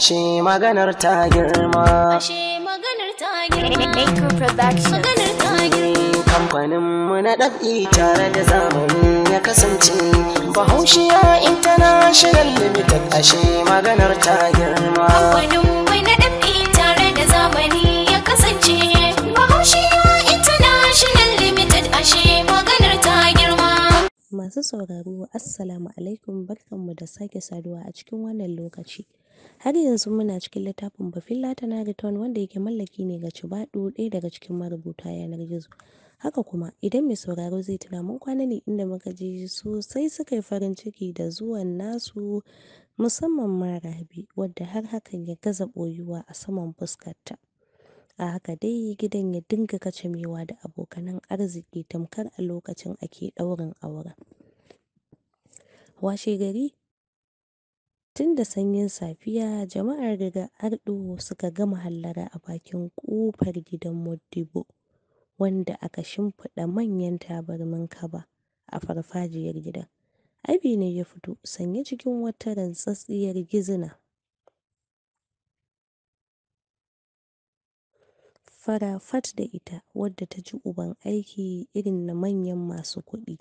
ashe maganar ta girma kamfanin mu na ɗab'i tare da zamani ya kasance bahaushiya international limited ashe maganar ta girma ya international limited ashe maganar ta girma masu sauraro assalamu alaikum barkanmu da sake saduwa a cikin wannan lokaci Har yanzu muna cikin littafin latana Return wanda yake mallaki ne ga Cibaɗo, ɗaya daga cikin marubuta yanar gizo. Haka kuma, idan mai sauraro zai tuna mun kwana ne inda muka ji sosai suka yi farin ciki da zuwan nasu musamman ma Rabi, wadda har hakan ya gaza ɓoyuwa a saman fuskarta. A haka dai gidan ya dinga kacamewa da abokanan arziki tamkar a lokacin ake ɗaurin auren. washe gari. Tun da sanyin safiya, jama'ar daga Arɗo suka gama hallara a bakin ƙofar gidan Modibo, wanda aka shimfiɗa manyan tabarmin kaba a farfajiyar gidan. Abi ne ya fito, sanye cikin wata rantsastsiyar gizina fara da ita, wadda ta ji uban aiki irin na manyan masu kuɗi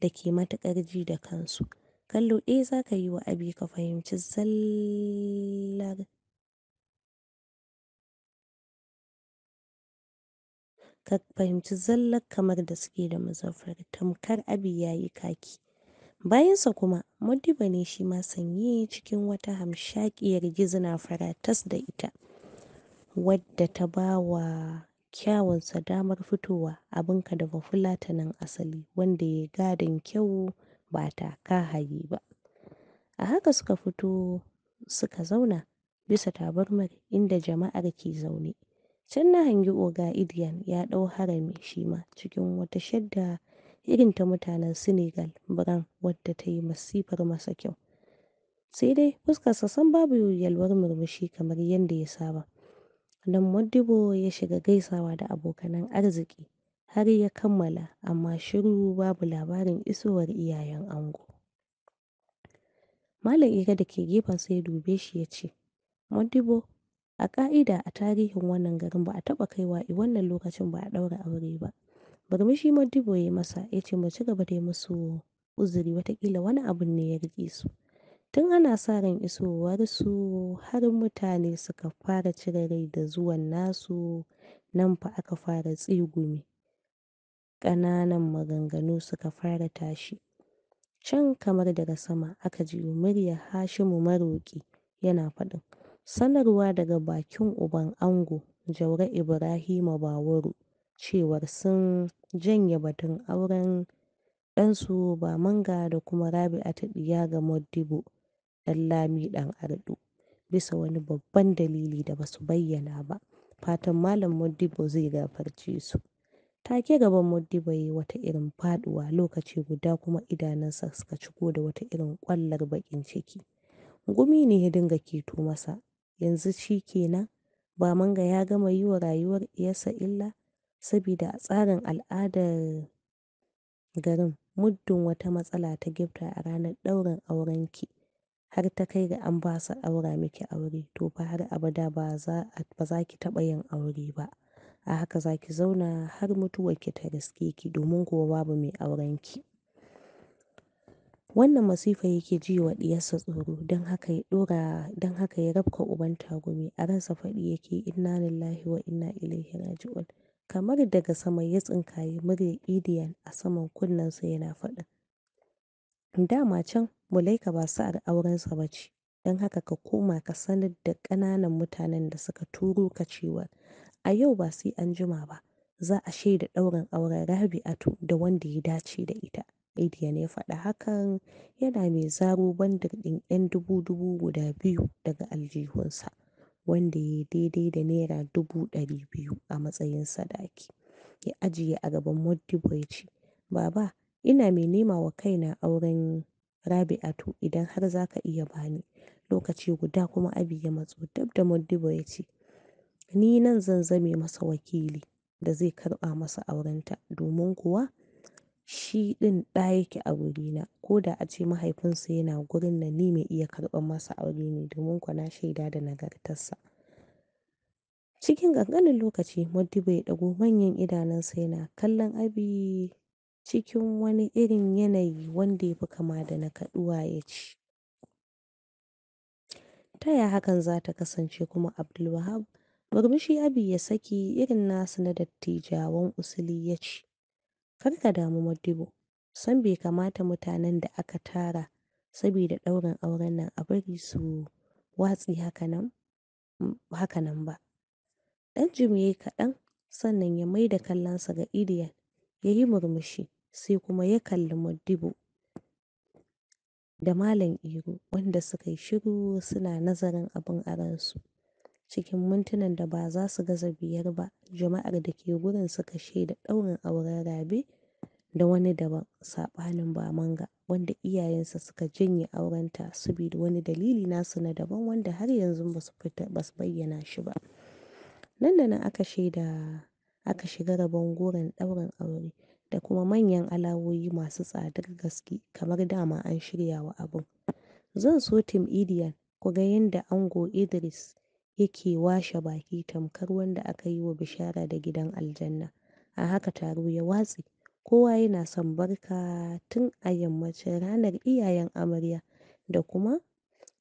da ke matuƙar ji da kansu. kallo ɗaya eh, za ka yi wa abi ka fahimci zallar ka fahimci zallar kamar da suke da muzaffar tamkar abi ya yi kaki bayansa kuma muddiba ne shi ma sanye cikin wata hamshakiyar gizina faratas da ita wadda ta ba wa kyawunsa damar fitowa abinka da bafulatanin asali wanda ya gadon kyau ba ka hayi ba. A haka suka fito suka zauna bisa tabarmar inda jama'ar ke zaune. Can na hangi oga Idiyan ya ɗau harami shi ma cikin wata shadda irin ta mutanen Senegal brown wadda ta yi masifar masa kyau. Sai dai fuskarsa sam babu yalwar murmushi kamar yadda ya saba. nan Modibo ya shiga gaisawa da abokanan arziki har ya kammala amma shiru babu labarin isowar iyayen ango. Malam Ira da ke gefen ya dube shi ya ce, Modibo, a ƙa'ida a tarihin wannan garin ba a taɓa kaiwa wannan lokacin ba a ɗaura aure ba. Murmushi Modibo ya masa ya ce mu ci gaba dai musu uzuri watakila wani abun ne ya riƙe su. Tun ana sa ran isowarsu har mutane suka fara cire rai da zuwan nasu nan fa aka fara tsigumi. ƙananan maganganu suka fara tashi. Can kamar daga sama aka ji muryar Hashimu maroƙi yana faɗin, sanarwa daga bakin uban ango jaura Ibrahima Bawuru cewar sun janye batun auren ɗansu manga da kuma Rabi'atu ɗiya ga Modibo ɗan lami ɗan ardu bisa wani babban dalili da ba su bayyana ba. Fatan Malam Modibo zai gafarce su. Take gaban muddi yayi wata irin faduwa lokaci guda kuma idanunsa suka ciko da wata irin kwallar bakin ciki. Gumi ne ya dinga keto masa, yanzu shi kenan ba manga ya gama yi wa rayuwar iyasa illa, sabida a tsarin al'adar garin muddin wata matsala ta gifta a ranar ɗaurin ki har ta kai ga an basu aura miki aure to fa har abada ba za ki taɓa yin aure ba. A haka za ki zauna har mutuwarki ta riske ki domin kuwa babu mai auren ki. Wannan masifa yake ji wa ɗiyarsa tsoro don haka ya ɗora, don haka ya rabka uban tagumi a ransa faɗi yake "Inna lillahi wa inna ilaihi raji'un." Kamar daga sama ya tsinkayi murya Idiya a saman kunnensa yana faɗin ma can Mulaika ba sa'ar aurensa ba ce, don haka ka koma ka sanar da ƙananan mutanen da suka turo ka cewa A yau ba sai an jima ba za a shaida ɗaurin auren Rabi'atu da wanda ya dace da ita. Ediyan ya faɗi hakan yana mai zaro bandir ɗin 'yan dubu dubu guda biyu daga aljihunsa, wanda ya yi daidai da naira dubu ɗari biyu a matsayin sadaki. Ya ajiye a gaban Modibo ya ce, Baba, ina mai nema wa kaina auren Rabi'atu idan har za ka iya bani Lokaci guda kuma Abi ya matso dab da Modibo ya ce, ni nan zan zame masa wakili da zai karɓa masa aurenta domin kuwa shi ɗin ɗa yake a na, ko da a ce mahaifinsa yana gurin nan ni mai iya karɓan masa aure ne domin kuwa na shaida da nagartarsa. Cikin ƙanƙanin lokaci muddi ya ɗago manyan idanunsa yana kallon Abi cikin wani irin yanayi wanda ya fi kama da na kaɗuwa ya ci. Ta ya hakan za ta kasance kuma Abdulwahab Murmushi Abi ya saki irin nasu na dattijawan usuli ya ce, Kar ka damu Modibo, san bai kamata mutanen da aka tara saboda ɗaurin auren nan a bari su watsi hakanan nan ba. Ɗan jim yi kaɗan sannan ya mai maida kallonsa ga Iliya ya yi murmushi sai kuma ya kalli Modibo da Malam Iro wanda suka yi shiru suna nazarin abin a ransu. cikin mintunan da ba za su gaza biyar ba jama'ar da ke wurin suka shaida ɗaurin auren Rabe da wani daban saɓanin bamanga wanda iyayensa suka janye aurenta da wani dalili nasu na daban wanda har yanzu ba su bayyana shi ba. Nan da nan aka shaida aka shiga rabon goron ɗaurin aure da kuma manyan alawoyi masu tsadar gaske kamar dama an shirya wa abun. Zan so tim idiyan ku ga yadda ango Idris yake washe baki tamkar wanda aka yi wa bishara da gidan aljanna. A haka taro ya watse, kowa yana son barka tun a yammacin ranar iyayen amarya da kuma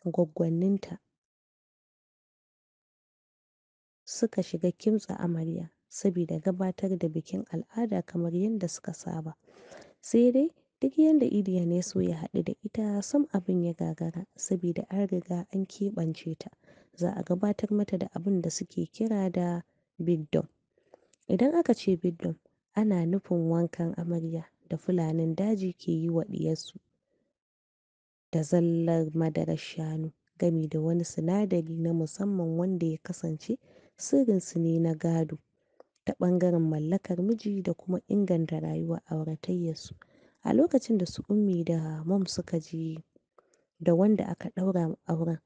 gwaggwaninta suka shiga kimtsa amarya sabida gabatar da bikin al'ada kamar yadda suka saba. Sai dai duk yadda Idi ya so ya haɗu da ita sam abin ya gagara sabida an riga an keɓance ta. za a gabatar mata da abin da suke kira da bid'dom. Idan aka ce bid'dom ana nufin wankan amarya da fulanin daji ke yi wa ɗiyarsu da zallar madarar shanu gami da wani sinadari na musamman wanda ya kasance sirrinsu ne na gado ta ɓangaren mallakar miji da kuma inganta rayuwar auratayyarsu. A lokacin da su ummi da mum suka ji da wanda aka ɗaura auren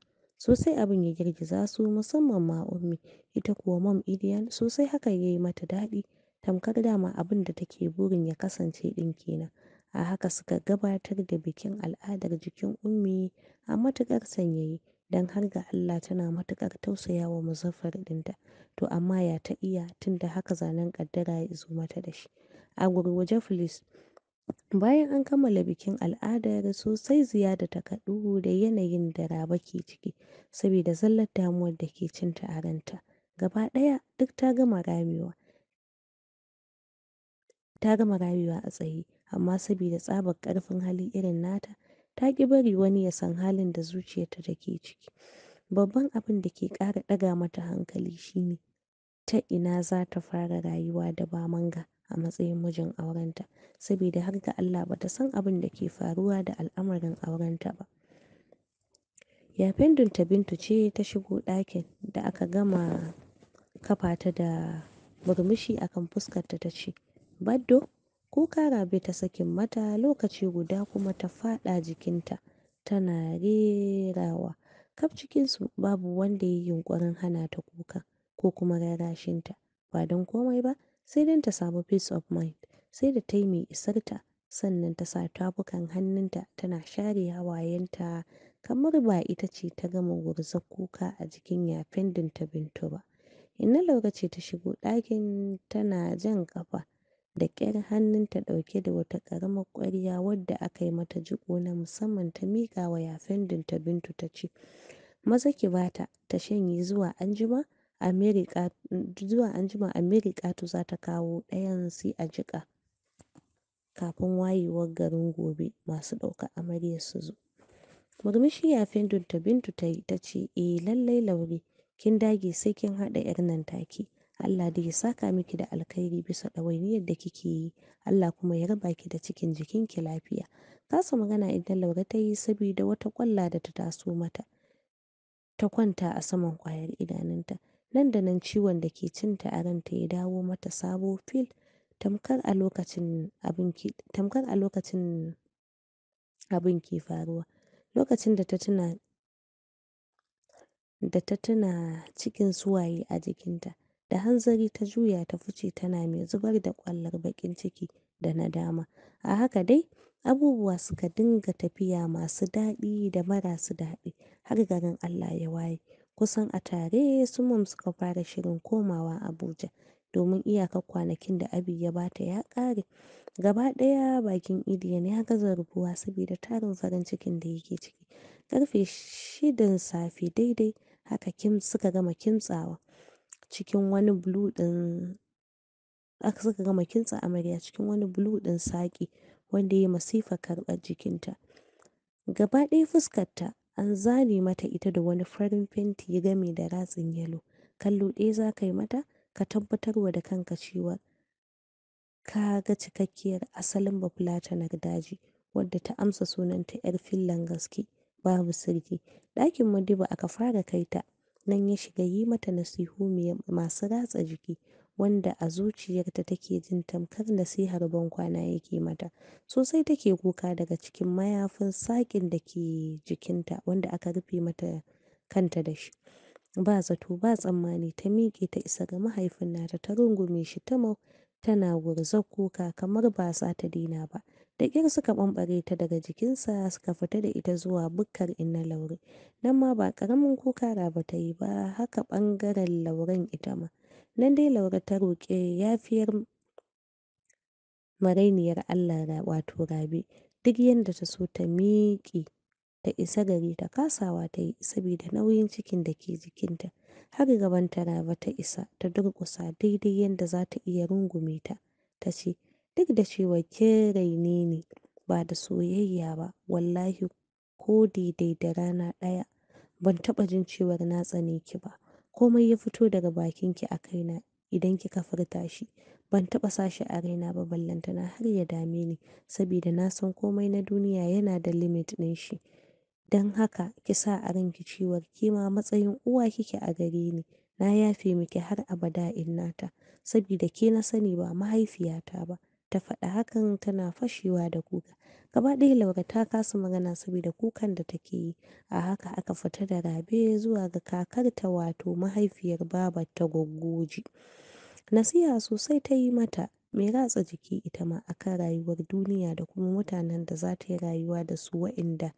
Sosai abin ya girgiza su musamman ma Ummi, ita kuwa Mom so sosai haka ya yi mata daɗi, tamkar dama abin da take burin ya kasance ɗin kenan A haka suka gabatar da bikin al'adar jikin Ummi a matuƙar sanyayi don har ga Allah tana matuƙar tausaya wa Muzaffar ɗinta. To amma ya ta iya tunda haka zanen ƙaddara ya izo mata da shi. A gurguje felice. Bayan an kammala bikin al'adar sosai Ziya ta kaɗu da yanayin da Rabe ke ciki saboda zallar damuwar da ke cinta a ranta. Gaba ɗaya duk ta gama ramewa a tsaye, amma saboda tsabar ƙarfin hali irin nata, ta ƙi bari wani ya san halin da zuciyarta take ciki. Babban abin da ke ƙara ɗaga mata hankali shine ta ina za ta fara rayuwa da ba Manga. a matsayin mijin aurenta saboda har ga Allah bata san abin da ke faruwa da al'amarin aurenta ba. ya Yafendinta Bintu ce ta shigo ɗakin da aka gama kafa ta da murmushi akan kan fuskarta ta ce, Baddo, ko kuka rabe ta sakin mata lokaci guda kuma ta faɗa jikinta tana rerawa. Kaf cikinsu babu wanda ya yi yunƙurin hana ta kuka ko kuma rarashinta ba don komai ba sai don ta samu peace of mind sai da ta yi mai isarta sannan ta sa tafukan hannunta tana share hawayenta kamar ba ita ce ta gama gurzar kuka a jikin yafen dinta bintu ba inna laura ce ta shigo ɗakin tana jan ƙafa da ƙyar ta ɗauke da wata ƙaramar ƙwarya wadda aka yi mata jiko na musamman ta miƙa wa yafen dinta bintu ta ce maza ki bata ta shanye zuwa anjima America zuwa anjima Americatu za ta kawo ɗayan sai a jiƙa kafin wayewar garin gobe masu ɗauka amaryar su zo. Murmushi ya ta Bintu ta yi ta ce, "Eh lallai Laure kin dage sai kin haɗa 'yar nan take. Allah da ya saka miki da alkhairi bisa ɗawainiyar da kike yi. Allah kuma ya raba ki da cikin jikinki lafiya." Kasa magana idan Laure ta yi sabida wata ƙwalla da ta taso mata ta kwanta a saman ƙwayar idanunta. Nan da nan ciwon da ke cinta a ranta ya dawo mata sabo fil, tamkar a lokacin abin ke, tamkar a lokacin abin ke faruwa. Lokacin da ta tuna, da ta tuna cikin suwaye a jikinta, da hanzari ta juya ta fice tana mai zubar da kwallar bakin ciki da na dama A haka dai abubuwa suka dinga tafiya masu daɗi da marasu daɗi har garin Allah ya waye. Kusan a tare su suka fara shirin komawa Abuja domin iyakar kwanakin da Abi ya ba ya ƙare. Gaba ɗaya bakin Idiyan ya gaza rufuwa saboda tarin farin cikin da yake ciki. karfe shidan safe daidai haka suka gama kintsawa cikin wani ɗin aka suka gama kintsa amarya cikin wani bulo ɗin saƙi wanda ya masifa karɓar jikinta. Gaba ɗaya fuskarta an zane mata ita da wani farin fenti gami da ratsin yalo. Kallo ɗaya za ka yi mata ka tabbatarwa da kanka cewa ka ga cikakkiyar asalin bafulatanar daji wadda ta amsa sunanta 'yar fillan gaske babu sirki. Ɗakin madiba aka fara kai ta, nan ya shiga yi mata nasihu masu ratsa jiki wanda a zuciyarta take jin tamkar nasihar bankwana yake mata. Sosai take kuka daga cikin mayafin saƙin da ke jikinta wanda aka rufe mata kanta da shi. Ba zato ba tsammani ta miƙe ta isa ga mahaifin nata ta rungume shi ta tana gurzar kuka kamar ba sa ta daina ba. Da ƙyar suka ɓamɓare ta daga jikinsa suka fita da ita zuwa bukkar inna Laure. Nan ma ba ƙaramin kuka Rabi ta yi ba haka ɓangaren Lauren ita ma. Nan dai laura ta roƙe yafiyar marainiyar Allah wato rabe duk yadda ta so ta miƙe ta isa gare ta kasawa ta yi saboda nauyin cikin da ke jikinta. Har gaban ta rabe ta isa ta durƙusa daidai yadda za ta iya rungume ta, ta ce, duk da cewa kin ne ni ba da soyayya ba, wallahi ko daidai da rana ɗaya ban taɓa jin cewar na tsane ki ba. komai ya fito daga bakinki a kaina idan kika furta shi. Ban taɓa sashi a raina ba ballantana har ya dame ni saboda na san komai na duniya yana da limit ɗin shi. Don haka ki sa a ranki cewar kima matsayin uwa kike a gare ni. Na yafe miki har abada innata Sabida ke na sani ba mahaifiyata ba. ta faɗa hakan tana fashewa da kuka. Gaba ɗaya laura ta kasa magana saboda kukan da take yi. A haka aka fita da Rabe zuwa ga kakarta wato mahaifiyar babarta Goggoji. Nasiha sosai ta yi mata mai ratsa jiki ita ma akan rayuwar duniya da kuma mutanen da za ta yi rayuwa da su waɗanda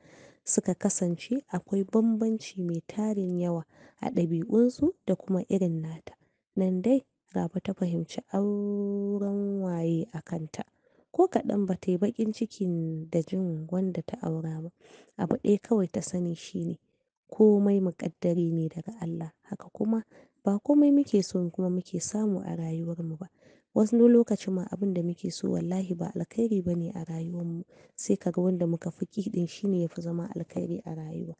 suka kasance akwai bambanci mai tarin yawa a ɗabi'unsu da kuma irin nata. Nan dai gaba ta fahimci auren waye a kanta. Ko kaɗan ba ta yi baƙin cikin da jin wanda ta aura ba. Abu ɗaya kawai ta sani shine komai muƙaddari ne daga Allah. Haka kuma ba komai muke so kuma muke samu a rayuwar mu ba. Wasu lokacin ma abin da muke so wallahi ba alkhairi ba ne a rayuwar mu. Sai kaga wanda muka fi ƙi ɗin shine yafi zama alkhairi a rayuwa.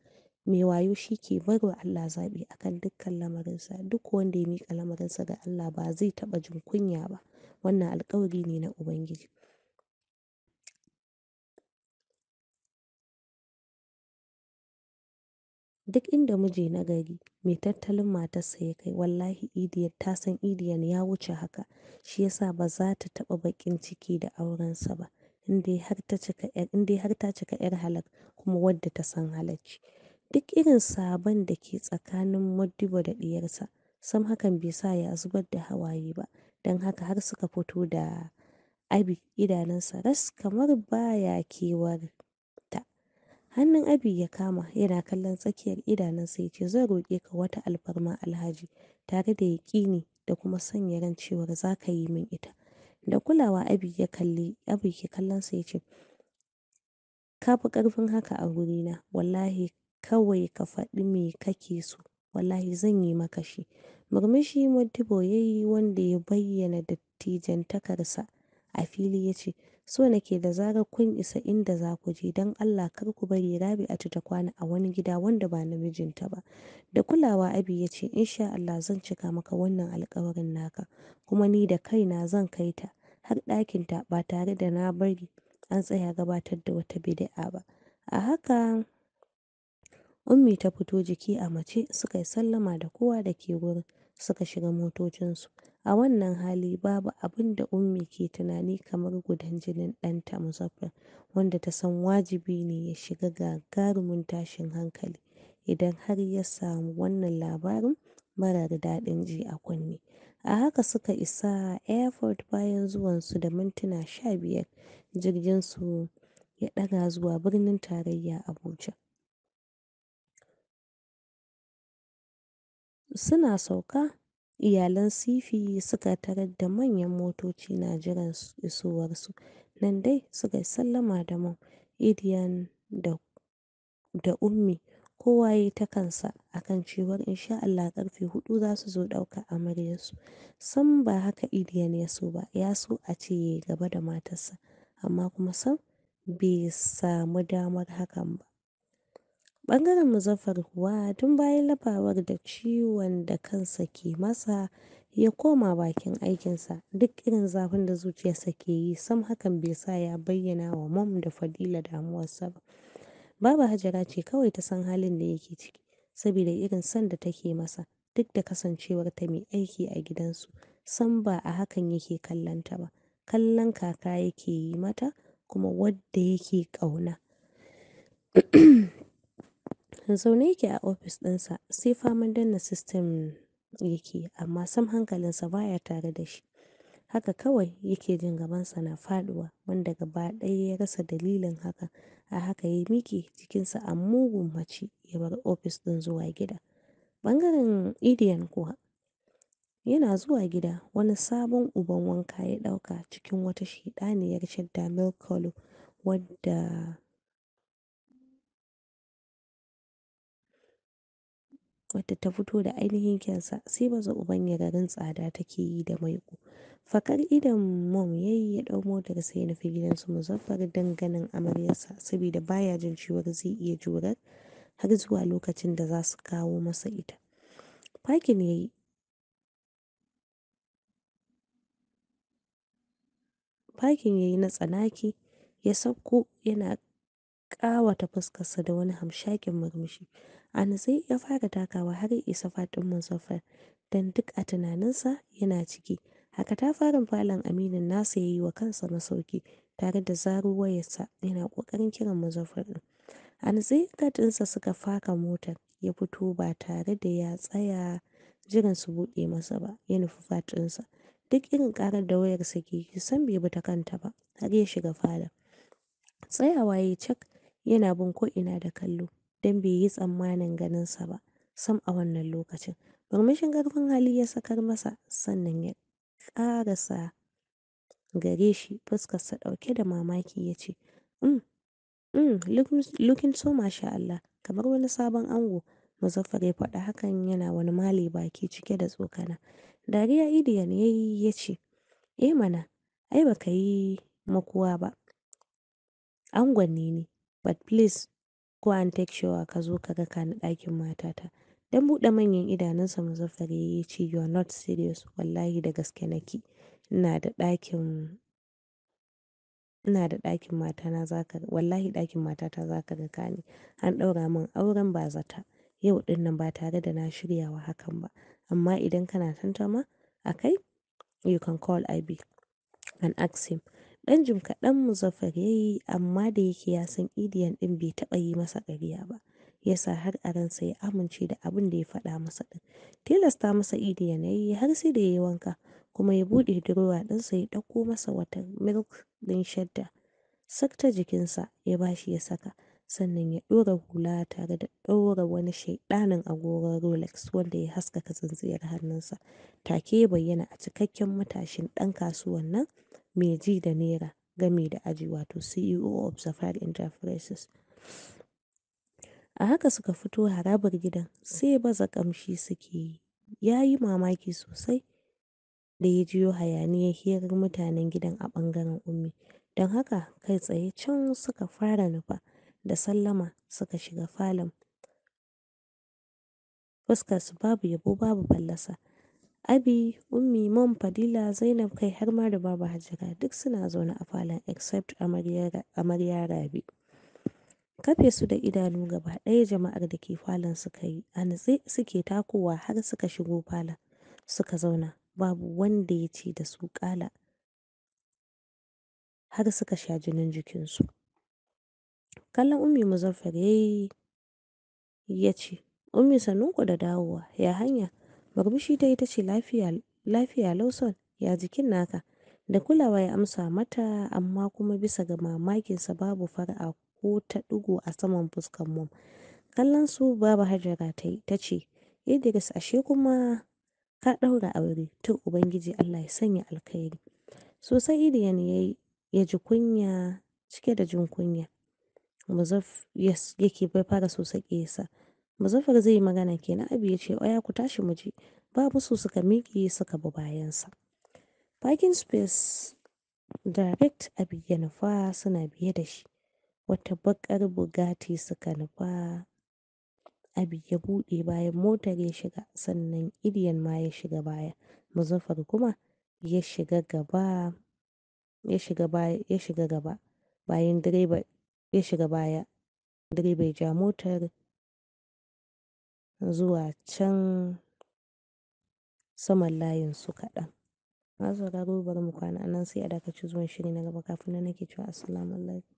Mai wayo shi ke barwa Allah zaɓi kan dukkan lamarinsa. Duk wanda ya miƙa lamarinsa ga Allah ba zai taɓa jin kunya ba. Wannan alkawari ne na Ubangiji. Duk inda miji na gari mai tattalin matarsa ya kai wallahi Idiyar ta san Idiyar ya wuce haka. Shi ya sa ba za ta taɓa baƙin ciki da aurensa ba. Indai har ta cika 'yar, har ta cika 'yar halak kuma wadda ta san halacci. Duk irin sabon da ke tsakanin Modibo da ɗiyarsa, sam hakan bai sa ya zubar da hawaye ba, don haka har suka fito da Abi idanunsa ras kamar ba ya kewarta. Hannun Abi ya kama, yana kallon tsakiyar idanunsa ya ce, Zan roƙe ka wata alfarma Alhaji, tare da yaƙini da kuma sanya ran cewar za ka yi min ita. Da kulawa Abi ya kalli, Abi ke sa ya ce, Ka fi ƙarfin haka a wurina, wallahi kawai ka faɗi me kake so wallahi zan yi maka shi. Murmushi Modibo ya yi wanda ya bayyana takarsa a fili ya ce, So nake da zarar kun isa inda za ku je don Allah kar ku bari rabi'a ta kwana a wani gida wanda ba na mijinta ba. Da kulawa Abi ya ce, Insha Allah zan cika maka wannan alkawarin naka, kuma ni da kaina zan kai ta har ɗakinta ba tare da na bari an tsaya gabatar da wata bidi'a ba. A haka Ummi ta fito jiki a mace suka yi sallama da kowa da ke wurin, suka shiga motocinsu. A wannan hali babu abin da Ummi ke tunani kamar gudan jinin ɗanta Muzaffar, wanda ta san wajibi ne ya shiga gagarumin tashin hankali idan har ya samu wannan labarin marar daɗin ji a kunne. A haka suka isa airport bayan zuwansu da mintuna sha biyar jirginsu ya ɗaga zuwa birnin tarayya Abuja. Suna sauka, iyalan Sifi suka tarar da manyan motoci na jiran isowarsu, nan dai suka yi sallama da Mom, Gideon da Ummi, kowa ya ta kansa a kan cewar in sha Allah karfe huɗu za su zo ɗauka amaryarsu. Sam ba haka idiyan ya so ba, ya so a ce ya gaba da matarsa, amma kuma sam bai samu damar hakan ba. Ɓangaren Muzaffar kuwa tun bayan labawar da ciwon da kansa ke masa ya koma bakin aikinsa, duk irin zafin da zuciyarsa ke yi sam hakan bai sa ya bayyana wa Mom da Fadila damuwarsa ba. Baba Hajara ce kawai ta san halin da yake ciki, saboda irin son da take masa, duk da kasancewarta mai aiki a gidansu, sam ba a hakan yake kallonta ba. Kallon kaka yake yi mata kuma wadda yake ƙauna. Zaune yake a ofis ɗinsa sai faman danna system yake amma sam hankalinsa baya tare da shi. Haka kawai yake jin gabansa na faɗuwa wanda gaba ɗaya ya rasa dalilin haka A haka ya miƙe jikinsa a mugun mace ya bar ofis ɗin zuwa gida. Ɓangaren Idiyan kuwa yana zuwa gida wani sabon uban wanka ya ɗauka cikin wata shiɗaniyar shadda milk colour wadda wadda ta fito da ainihin kyansa sai baza uban ya garin tsada take yi da maiƙo. Fakar idon mom yayi ya ɗau motar sai ya nufi gidansu Muzaffar don ganin amaryarsa saboda baya jin cewar zai iya jurar har zuwa lokacin da za su kawo masa ita. Fakin yayi yi Fakin na tsanaki ya sauko yana ƙawata fuskarsa da wani hamshakin murmushi. A natse ya fara takawa har ya isa faɗin Muzaffar don duk a tunaninsa yana ciki. Haka ta fara falon aminin nasa ya yi wa kansa masauki tare da zaro wayarsa yana ƙoƙarin kiran Muzaffar ɗin. A natse gad suka faka motar ya fito ba tare da ya tsaya jiran su buɗe masa ba ya nufi faɗinsa Duk irin karar da wayarsa ke yi sam bai bi ta kanta ba har ya shiga falon. Tsayawa ya cak yana bin ko'ina da kallo don bai yi tsammanin ganinsa ba sam a wannan lokacin. Murmushin ƙarfin hali ya sakar masa sannan ya ƙarasa gare shi fuskarsa ɗauke da mamaki ya ce, Um, um, so masha Allah, kamar wani sabon ango. Muzaffar ya faɗa? hakan yana wani mali baki cike da tsokana. Dariya Idiyan ya yi ya ce, Eh mana, ai baka yi makuwa ba. Angon ne ni, But please go and take shower ka zo ka raka ni ɗakin matata. dan buɗe manyan idanunsa Muzaffar ya yi ya ce you are not serious wallahi da gaske nake. Ina da ɗakin, ina da ɗakin matana za ka, wallahi ɗakin matata za ka raka ni. An ɗaura min auren ba zata Yau ɗin nan ba tare da na shirya wa hakan ba. Amma idan kana tantama a kai you can call Abi and ask him. Ɗan jim kaɗan Muzaffar ya yi amma da yake ya san Idiyan ɗin bai taɓa yi masa ƙarya ba, ya sa har a ransa ya amince da abin da ya faɗa masa ɗin. Tilasta masa Idiyan ya yi har sai da ya yi wanka kuma ya buɗe durowa ɗinsa ya ɗauko masa wata milk ɗin shadda sakta jikinsa ya ba shi ya saka, sannan ya ɗora hula tare da ɗora wani shaiɗanin agogon Rolex wanda ya haskaka tsintsiyar hannunsa. Take ya bayyana a cikakken matashin ɗan kasuwan nan mai ji da naira gami da aji wato CEO of safar Enterprises. A haka suka fito harabar gidan sai baza kamshi suke yi. Ya yi mamaki sosai da ya jiyo hayaniyar hirar mutanen gidan a ɓangaren Ummi. Don haka kai tsaye can suka fara nufa da sallama suka shiga falon. Fuskarsu babu yabo babu fallasa. Abi, Ummi, Mom, Fadila, Zainab kai har ma da babu Hajara duk suna zaune a falon except amarya Rabi. Kafe su da idanu gaba ɗaya jama'ar da ke falon suka yi, a nutse suke takowa har suka shigo falon suka zauna babu wanda ya ce da su ƙala har suka sha jinin jikinsu. Kallon Ummi Muzaffar ya ya ce, Ummi sannunku da dawowa, ya hanya? Murmushi dai ta ce lafiya, lausan Lawson ya jikin naka. Da kulawa ya amsa mata amma kuma bisa ga mamakinsa babu fara'a ko ta ɗigo a saman fuskan mom. Kallon su babu Hajara ta yi ta ce, Idris ashe kuma ka ɗaura aure to Ubangiji Allah ya sanya alkhairi. Sosai Idiyan ya yi ya ji kunya cike da jin kunya. Muzaff yake bai fara sosai ƙesa. Muzaffar zai yi magana kenan Abi ya ce oya ku tashi mu je. Babu su suka miƙe suka bi bayansa. Parking space direct Abi ya nufa suna biye da shi. Wata baƙar Bugatti suka nufa Abi ya buɗe bayan motar ya shiga sannan Idiyan ma ya shiga baya. Muzaffar kuma ya shiga gaba ya shiga baya ya shiga gaba bayan direba ya shiga baya direba ya ja motar zuwa can saman layin su kaɗan. Masu bari mu kwana nan sai a dakaci zuwan shiri na gaba kafin nan nake cewa assalamu alaikum.